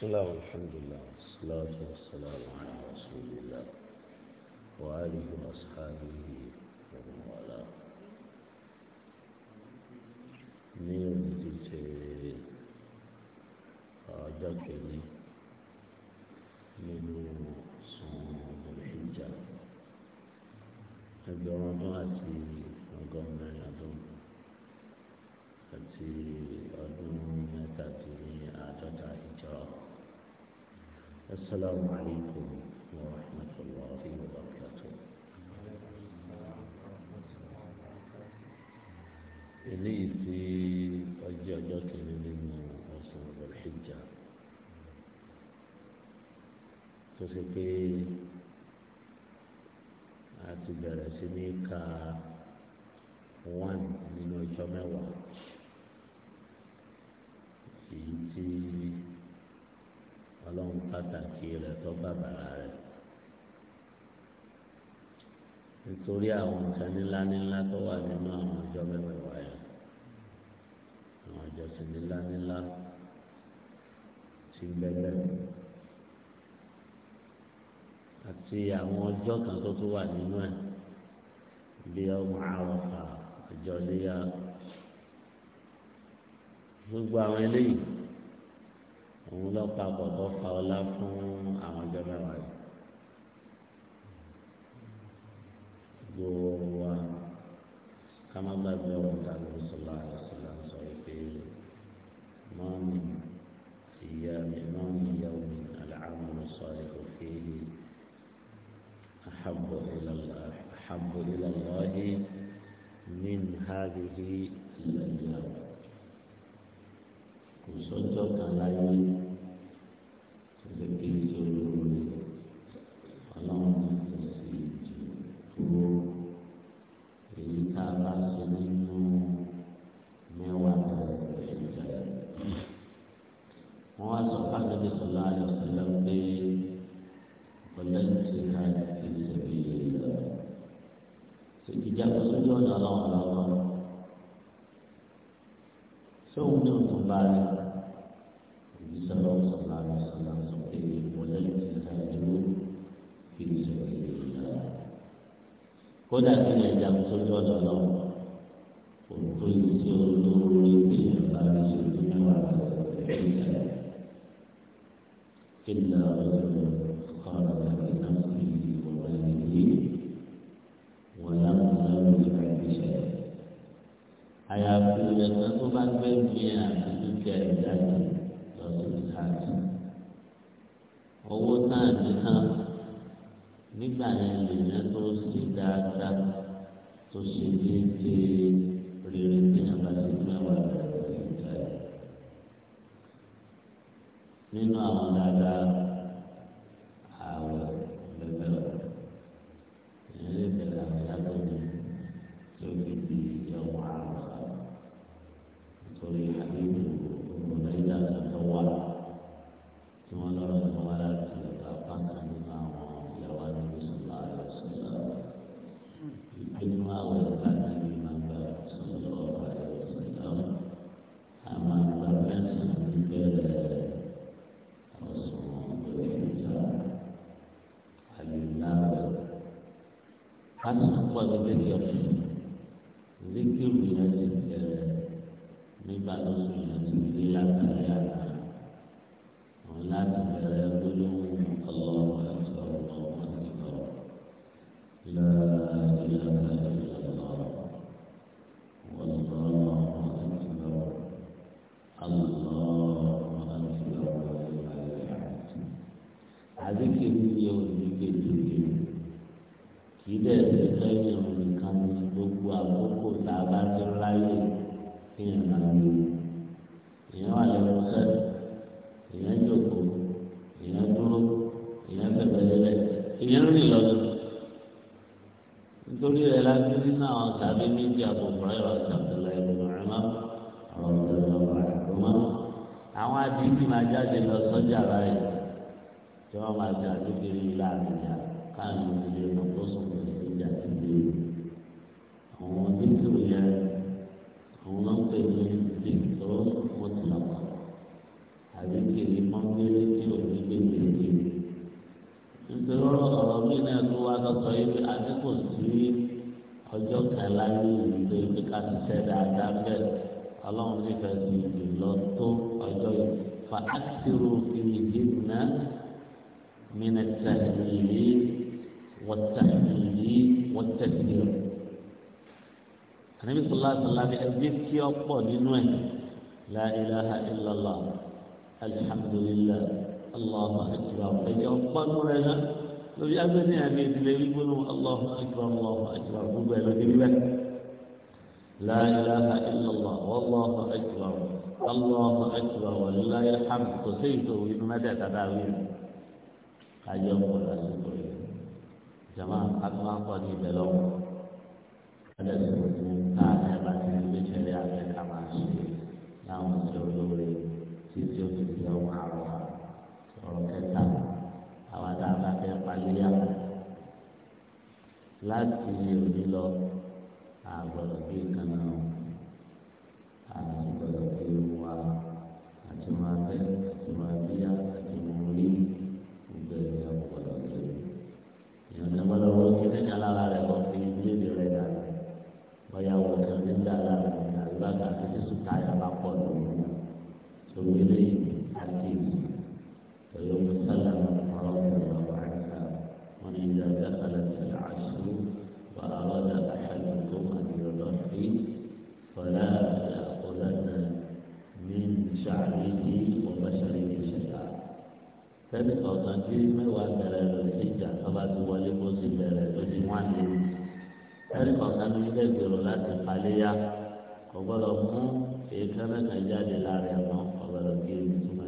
بسم الله والحمد لله والصلاة والسلام على رسول الله وآله وأصحابه ومن والاه نيوم تيتي أدكني nínú sùn ìjà ẹgbẹ̀rún ọdún àti ọgọ́rin ọdún àti ọdún mẹ́tàdínláàádọ́ta ìjọ. السلام عليكم ورحمة الله وبركاته إلي في أجاجات من أصل الحجة تسكي أتبرسني كا وان من أجمع pàtàkì rẹ̀ tó bàbàrà rẹ̀ nítorí àwọn nǹkan ńlá ńlá tó wà nínú àwọn ọjọ́ mẹ́wẹ̀ẹ̀wá yẹn àwọn ìjọsìn ńlá ńlá ti bẹ̀rẹ̀ àti àwọn ọjọ́ kan tó tún wà nínú ẹ̀ bí ọmọ àwọ̀fà ọjọ́ léyà gbogbo àwọn eléyìí. òun lọ́pàpọ̀ tó fa ọlá fún àwọn ọjọ́ mẹ́wàá yìí. gbogbo wa ká má gbàgbé ọ̀rọ̀ ta ló sọ̀rọ̀ àlọ́sọ̀rọ̀ sọ pé mọ́ọ̀mù ìyá mi mọ́ọ̀mù ìyàwó mi àlàámọ̀ sọ̀rọ̀ kò fi أحب إلى الله أحب إلى الله من هذه الأيام وصدق عليه lọ́dọ̀ ọlọ́run lọ́wọ́ sóhun tó tó bá rẹ̀ ìbí sọ̀rọ̀ sọ̀rọ̀ àmì sọ̀rọ̀ sọ̀rọ̀ èyí ìmọ̀lẹ́ ti ká dúró kí n sọ̀rọ̀ èyí náà. kódà kí ni ẹja tó lọ́dọ̀ lọ́wọ́ òkú yìí tí ó lórí bí ìjọba rẹ̀ ṣe tó mẹ́wàá rẹ̀ ṣe tó mẹ́wàá rẹ̀ ṣe tó mẹ́wàá rẹ̀ ṣe tó mẹ́wàá rẹ̀ ṣe tó mẹ́wàá rẹ̀ ṣe tó mẹ́wàá rẹ̀ ṣe tó mẹ́wàá rẹ̀ ṣe tó mẹ́wàá rẹ̀ ṣe tó mẹ́wàá rẹ̀ ṣe tó mẹ́wàá rẹ̀ ṣe tó mẹ́wàá rẹ̀ ṣe tó mẹ́wàá rẹ̀ ṣe tó mẹ́wàá rẹ̀ ṣe tó mẹ́wàá rẹ̀ ṣe tó mẹ́wàá rẹ̀ ṣe káàdì kan nígbà yẹn lèèyàn tó ṣe dáadáa tó ṣe déédéé rere ní abàtì mẹ́wàá rẹ̀ nínú àwọn dáadáa. pọ̀ nílé ìjọba zikiru yẹn ti tẹ̀lé nígbà tó ń sùn yẹn ti tẹ̀lé látàrí àná àwọn láti bẹ̀rẹ̀ gbólóhùn ọlọ́wọ́ àti ọlọ́wọ́ àti ọlọ́wọ́ lọ́ọ́ ìlànà ìlànà ọlọ́wọ́. àdékè ní ìyẹ̀wò ní kéde kéde. kì í dẹ̀ ṣe fẹ́ yẹn nìkan ní gbogbo àkókò tá a bá ti ráyè kí yẹn máa lò èèyàn wà lẹ́nu sẹ́ èèyàn jókòó èèyàn dúró èèyàn tẹ̀lé lẹ́lẹ̀ èèyàn rìn lọ́dún nítorí rẹ̀ láti nínú àwọn tàbí méjì àbòbọ̀rẹ́ ìrọ̀lẹ́ àbúlá ìrọ̀lẹ́ máa ọ̀rọ̀ ìrọ̀lẹ́ ọ̀rọ̀ máa àwọn àdìsí máa jáde lọ sọ́jà báyìí tí wọ́n máa ṣe àdúgbò yìí láàrin ìyá káàmì ìdílé lọ́kọ́sùn yìí àwọn dídùn yẹn àwọn ń pè ní dídùn mọ́tìláwà àbí kìrì mọ́ngẹ́rẹ́ tí ò ní gbèsè yìí. nítorí ọ̀rọ̀ mi náà tó wá sọ́sọ́ yìí pé àdínkù sí ọjọ́ kan láyé ìlú ìpè ká ti ṣẹ́ dáadáa bẹ́ẹ̀ ọlọ́run nífẹ̀ẹ́ sí ìlọ tó ọjọ́ yìí fa ákìrò ìrìndínlẹ́ mí wọ́tàkìlì wọ́tàkìlì ànábi sọlá sọlá bí ẹgbẹ tí ó pọ̀ nínú ẹ la ilaha illallah alhamdulillah allahu akbar ẹjẹ ọ̀pọ̀ nínú rẹ náà lórí agbẹni àmì ìdílé gbígbónú allahu akbar allahu akbar gbogbo ẹ lórí rẹ la ilaha illallah wallahu akbar allahu akbar walillahi alhamd kò sí ìṣòwò inú mẹ́tẹ̀ẹ̀ta dáa wíwọ ayé ọkọ rẹ lórí jama akpa kọ ní ibẹ̀ lọ́wọ́ ẹdẹ tó ní ká ẹ bá ti ní bí tẹ́lẹ̀ abẹ ká máa ṣe láwọn tí ó lóore tí tí ó di ọmọ àrọ ọ̀rọ̀ kẹta àwọn tá a bá fẹ́ paléyà láti òní lọ àgbọ́dọ̀ bí kan náà àti gbọ́dọ̀ bí wa àti máa fẹ́ àti máa bí ẹnì kọ̀ọ̀kan ní ilé ìgbèrò láti paléyà kò gbọ́dọ̀ mú èékánná kan jáde lára ẹ̀ ọ̀gbọ́dọ̀ kí tó